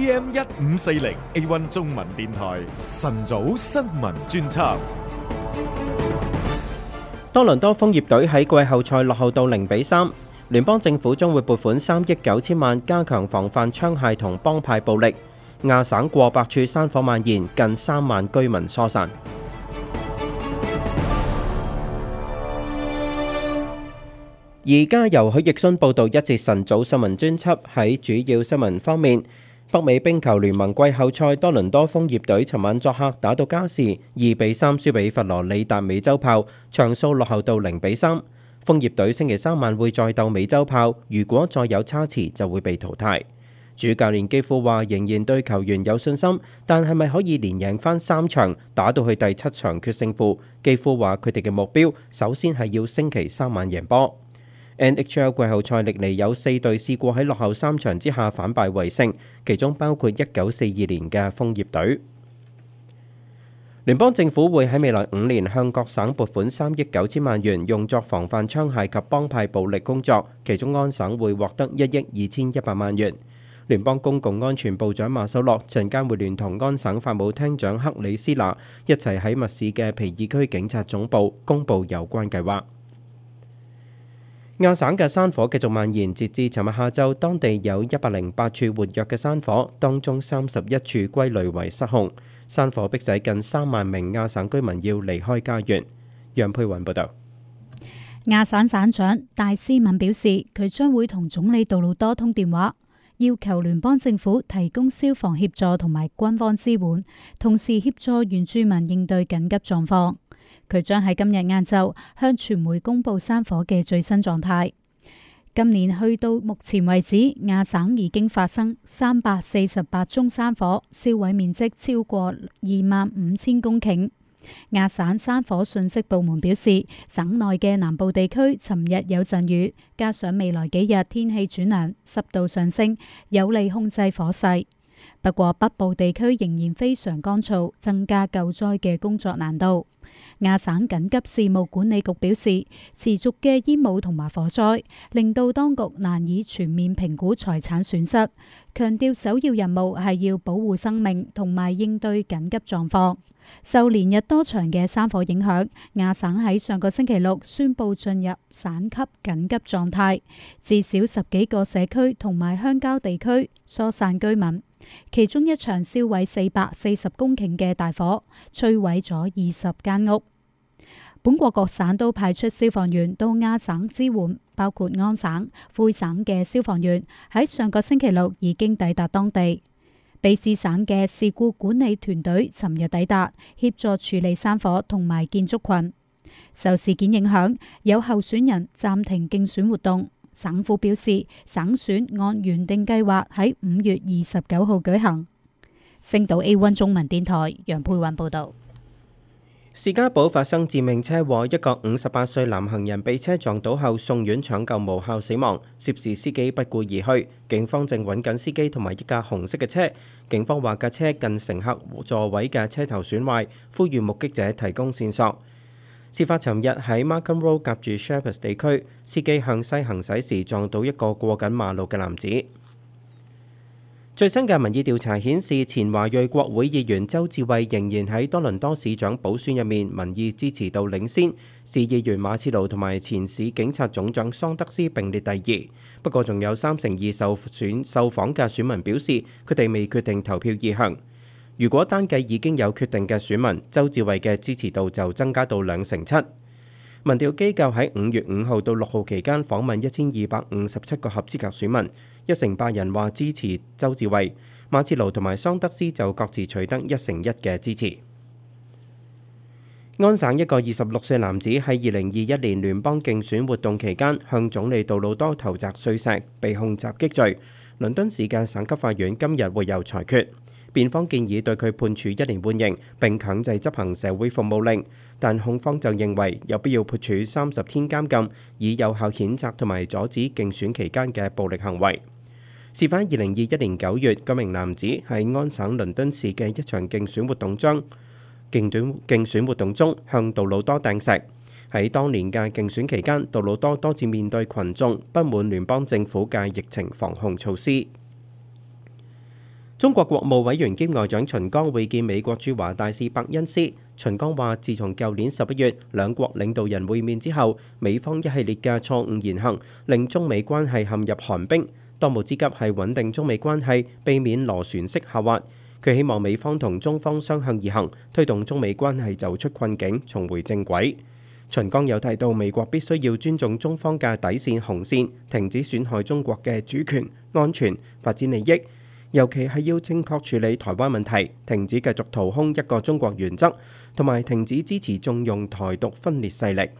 AM 一五四零 A1 中文電台晨早新聞專輯。多倫多楓葉隊喺季後賽落後到零比三。聯邦政府將會撥款三億九千萬加強防範槍械同幫派暴力。亞省過百處山火蔓延，近三萬居民疏散。而家由許奕迅報道一節晨早新聞專輯。喺主要新聞方面。北美冰球聯盟季後賽，多倫多楓葉隊尋晚作客打到加時，二比三輸俾佛羅里達美洲豹，場數落後到零比三。楓葉隊星期三晚會再鬥美洲豹，如果再有差池就會被淘汰。主教練基夫話仍然對球員有信心，但係咪可以連贏翻三場，打到去第七場決勝負？基夫話佢哋嘅目標，首先係要星期三晚贏波。NHL 季後賽歷嚟有四隊試過喺落後三場之下反敗為勝，其中包括一九四二年嘅楓葉隊。聯邦政府會喺未來五年向各省撥款三億九千萬元，用作防範槍械及幫派暴力工作，其中安省會獲得一億二千一百萬元。聯邦公共安全部長馬修洛陣間會聯同安省法務廳長克里斯娜一齊喺密市嘅皮爾區警察總部公佈有關計劃。亞省嘅山火繼續蔓延，截至尋日下晝，當地有一百零八處活躍嘅山火，當中三十一處歸類為失控。山火逼使近三萬名亞省居民要離開家園。楊佩雲報道。亞省省長戴斯敏表示，佢將會同總理杜魯多通電話，要求聯邦政府提供消防協助同埋軍方支援，同時協助原住民應對緊急狀況。佢將喺今日晏晝向傳媒公布山火嘅最新狀態。今年去到目前為止，亞省已經發生三百四十八宗山火，燒毀面積超過二萬五千公頃。亞省山火信息部門表示，省內嘅南部地區尋日有陣雨，加上未來幾日天氣轉涼，濕度上升，有利控制火勢。不過，北部地區仍然非常乾燥，增加救災嘅工作難度。亞省緊急事務管理局表示，持續嘅煙霧同埋火災令到當局難以全面評估財產損失，強調首要任務係要保護生命同埋應對緊急狀況。受連日多場嘅山火影響，亞省喺上個星期六宣布進入省級緊急狀態，至少十幾個社區同埋鄉郊地區疏散居民。其中一場燒毀四百四十公頃嘅大火，摧毀咗二十間屋。本國各省都派出消防員到亞省支援，包括安省、魁省嘅消防員喺上個星期六已經抵達當地。卑詩省嘅事故管理團隊尋日抵達，協助處理山火同埋建築群。受事件影響，有候選人暫停競選活動。省府表示，省選按原定計劃喺五月二十九號舉行。星島 A1 中文電台楊佩雲報道。士嘉堡發生致命車禍，一個五十八歲男行人被車撞倒後送院搶救無效死亡，涉事司機不顧而去。警方正搵緊司機同埋一架紅色嘅車。警方話架車近乘客座位嘅車頭損壞，呼籲目擊者提供線索。事發尋日喺 Markham Road 夾住 Sherpas 地區，司機向西行駛時撞到一個過緊馬路嘅男子。最新嘅民意調查顯示，前華裔國會議員周志偉仍然喺多倫多市長補選入面民意支持度領先，市議員馬切盧同埋前市警察總長桑德斯並列第二。不過，仲有三成二受選受訪嘅選民表示，佢哋未決定投票意向。如果單計已經有決定嘅選民，周志偉嘅支持度就增加到兩成七。民調機構喺五月五號到六號期間訪問一千二百五十七個合資格選民，一成八人話支持周志偉，馬切勞同埋桑德斯就各自取得一成一嘅支持。安省一個二十六歲男子喺二零二一年聯邦競選活動期間向總理杜魯多投擲碎石，被控襲擊罪。倫敦市嘅省級法院今日會有裁決。辯方建議對佢判處一年半刑，並強制執行社會服務令，但控方就認為有必要判處三十天監禁，以有效譴責同埋阻止競選期間嘅暴力行為。事發二零二一年九月，嗰名男子喺安省倫敦市嘅一場競選活動中，競選競選活動中向杜魯多掟石。喺當年嘅競選期間，杜魯多多次面對群眾不滿聯邦政府嘅疫情防控措施。中國國務委員兼外長秦剛會見美國駐華大使伯恩斯。秦剛話，自從舊年十一月兩國領導人會面之後，美方一系列嘅錯誤言行，令中美關係陷入寒冰。當務之急係穩定中美關係，避免螺旋式下滑。佢希望美方同中方雙向而行，推動中美關係走出困境，重回正軌。秦剛又提到，美國必須要尊重中方嘅底綫紅綫，停止損害中國嘅主權、安全、發展利益。尤其係要正確處理台灣問題，停止繼續掏空一個中國原則，同埋停止支持縱容台獨分裂勢力。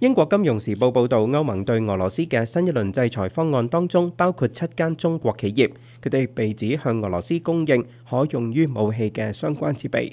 英國金融時報報導，歐盟對俄羅斯嘅新一輪制裁方案當中，包括七間中國企業，佢哋被指向俄羅斯供應可用於武器嘅相關設備。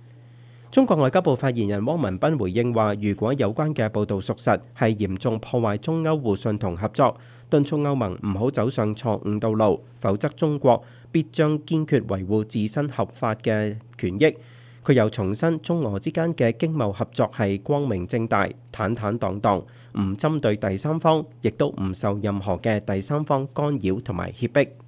中國外交部發言人汪文斌回應話，如果有關嘅報道屬實，係嚴重破壞中歐互信同合作，敦促歐盟唔好走上錯誤道路，否則中國必將堅決維護自身合法嘅權益。佢又重申，中俄之間嘅經貿合作係光明正大、坦坦蕩蕩，唔針對第三方，亦都唔受任何嘅第三方干擾同埋脅迫。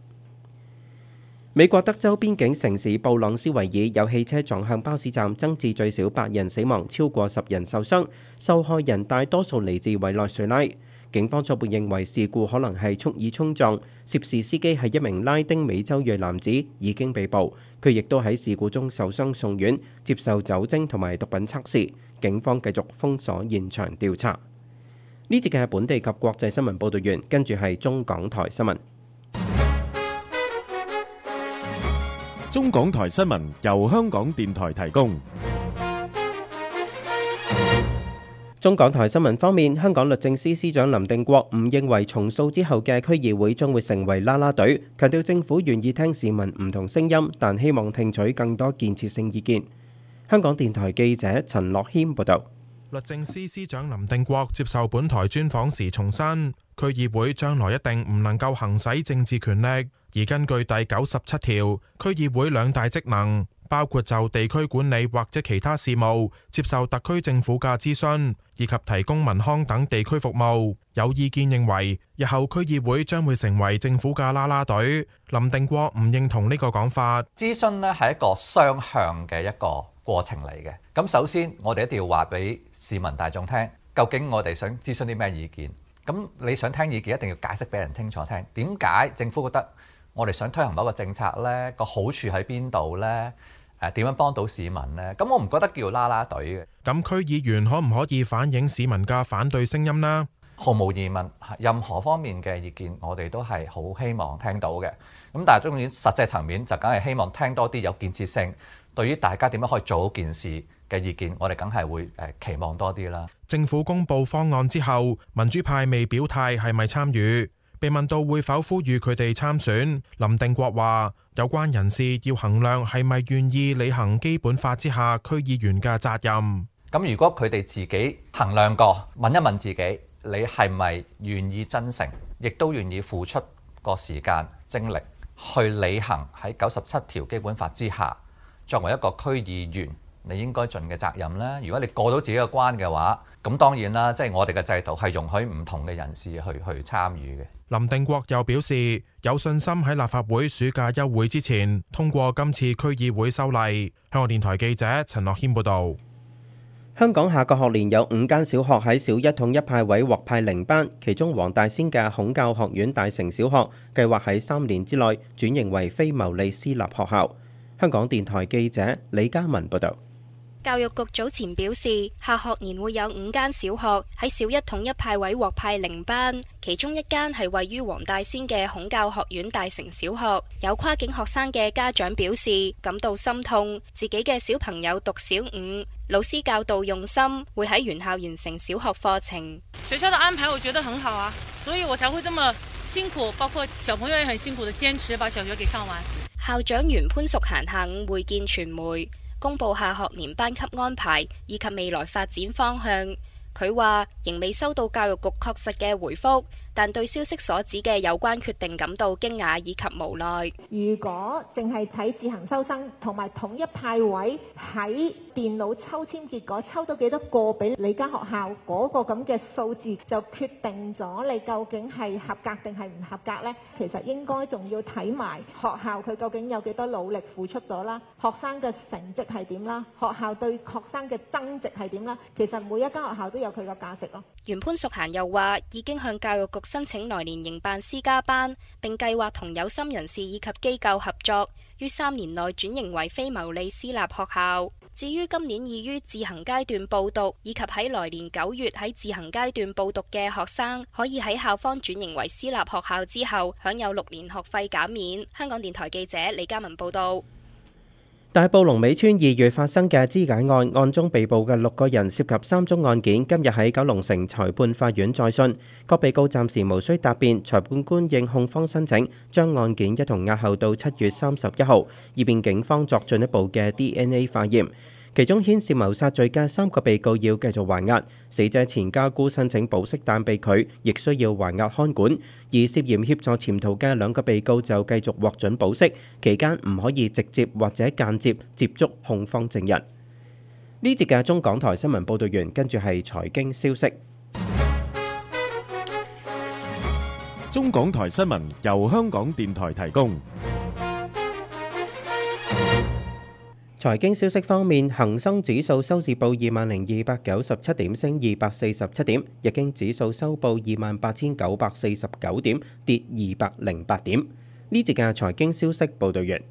美國德州邊境城市布朗斯維爾有汽車撞向巴士站，增至最少八人死亡，超過十人受傷。受害人大多數嚟自委內瑞拉。警方初步認為事故可能係蓄意衝撞，涉事司機係一名拉丁美洲裔男子，已經被捕。佢亦都喺事故中受傷送院，接受酒精同埋毒品測試。警方繼續封鎖現場調查。呢節嘅本地及國際新聞報道完，跟住係中港台新聞。中港台新聞由香港電台提供。中港台新聞方面，香港律政司司長林定國唔認為重塑之後嘅區議會將會成為啦啦隊，強調政府願意聽市民唔同聲音，但希望聽取更多建設性意見。香港電台記者陳樂謙報道。律政司司長林定國接受本台專訪時重申，區議會將來一定唔能夠行使政治權力。而根據第九十七條，區議會兩大職能，包括就地區管理或者其他事務、接受特區政府嘅諮詢，以及提供民康等地區服務。有意見認為，日後區議會將會成為政府嘅啦啦隊。林定國唔認同呢個講法。諮詢呢係一個雙向嘅一個過程嚟嘅，咁首先我哋一定要話俾市民大眾聽，究竟我哋想諮詢啲咩意見？咁你想聽意見，一定要解釋俾人清楚聽。點解政府覺得我哋想推行某個政策呢？個好處喺邊度呢？誒、啊、點樣幫到市民呢？咁我唔覺得叫啦啦隊嘅。咁區議員可唔可以反映市民嘅反對聲音呢？毫無疑問，任何方面嘅意見，我哋都係好希望聽到嘅。咁但係當然，實際層面就梗係希望聽多啲有建設性。對於大家點樣可以做好件事嘅意見，我哋梗係會期望多啲啦。政府公布方案之後，民主派未表態係咪參與？被問到會否呼籲佢哋參選，林定國話：有關人士要衡量係咪願意履行基本法之下區議員嘅責任。咁如果佢哋自己衡量過，問一問自己，你係咪願意真誠，亦都願意付出個時間精力去履行喺九十七條基本法之下。作為一個區議員，你應該盡嘅責任咧。如果你過到自己嘅關嘅話，咁當然啦，即係我哋嘅制度係容許唔同嘅人士去去參與嘅。林定國又表示有信心喺立法會暑假休會之前通過今次區議會修例。香港電台記者陳樂軒報導。香港下個學年有五間小學喺小一統一派位獲派零班，其中黃大仙嘅孔教學院大成小學計劃喺三年之內轉型為非牟利私立學校。香港電台記者李嘉文報道：教育局早前表示，下學年會有五間小學喺小一統一派位獲派零班，其中一間係位於黃大仙嘅孔教學院大成小學。有跨境學生嘅家長表示，感到心痛，自己嘅小朋友讀小五，老師教導用心，會喺原校完成小學課程。學校的安排我覺得很好啊，所以我才會這麼辛苦，包括小朋友也很辛苦的堅持把小學給上完。校長袁潘淑嫻下午會見傳媒，公布下學年班級安排以及未來發展方向。佢話，仍未收到教育局確實嘅回覆。但對消息所指嘅有關決定感到驚訝以及無奈。如果淨係睇自行收生同埋統一派位喺電腦抽籤結果抽到幾多個俾你間學校嗰個咁嘅數字，就決定咗你究竟係合格定係唔合格呢？其實應該仲要睇埋學校佢究竟有幾多努力付出咗啦，學生嘅成績係點啦，學校對學生嘅增值係點啦？其實每一間學校都有佢個價值咯。袁潘淑嫻又話：已經向教育局，申請來年營辦私家班，並計劃同有心人士以及機構合作，於三年內轉型為非牟利私立學校。至於今年已於自行階段報讀，以及喺來年九月喺自行階段報讀嘅學生，可以喺校方轉型為私立學校之後，享有六年學費減免。香港電台記者李嘉文報道。大埔龍尾村二月發生嘅肢解案，案中被捕嘅六個人涉及三宗案件，今日喺九龍城裁判法院再訊，各被告暫時無需答辯，裁判官應控方申請，將案件一同押後到七月三十一號，以便警方作進一步嘅 DNA 化驗。其中牽涉謀殺罪嘅三個被告要繼續還押，死者前家姑申請保釋但被拒，亦需要還押看管；而涉嫌協助潛逃嘅兩個被告就繼續獲准保釋，期間唔可以直接或者間接接觸控方證人。呢節嘅中港台新聞報導完，跟住係財經消息。中港台新聞由香港電台提供。財經消息方面，恒生指數收市報二萬零二百九十七點，升二百四十七點；日經指數收報二萬八千九百四十九點，跌二百零八點。呢節嘅財經消息報道完。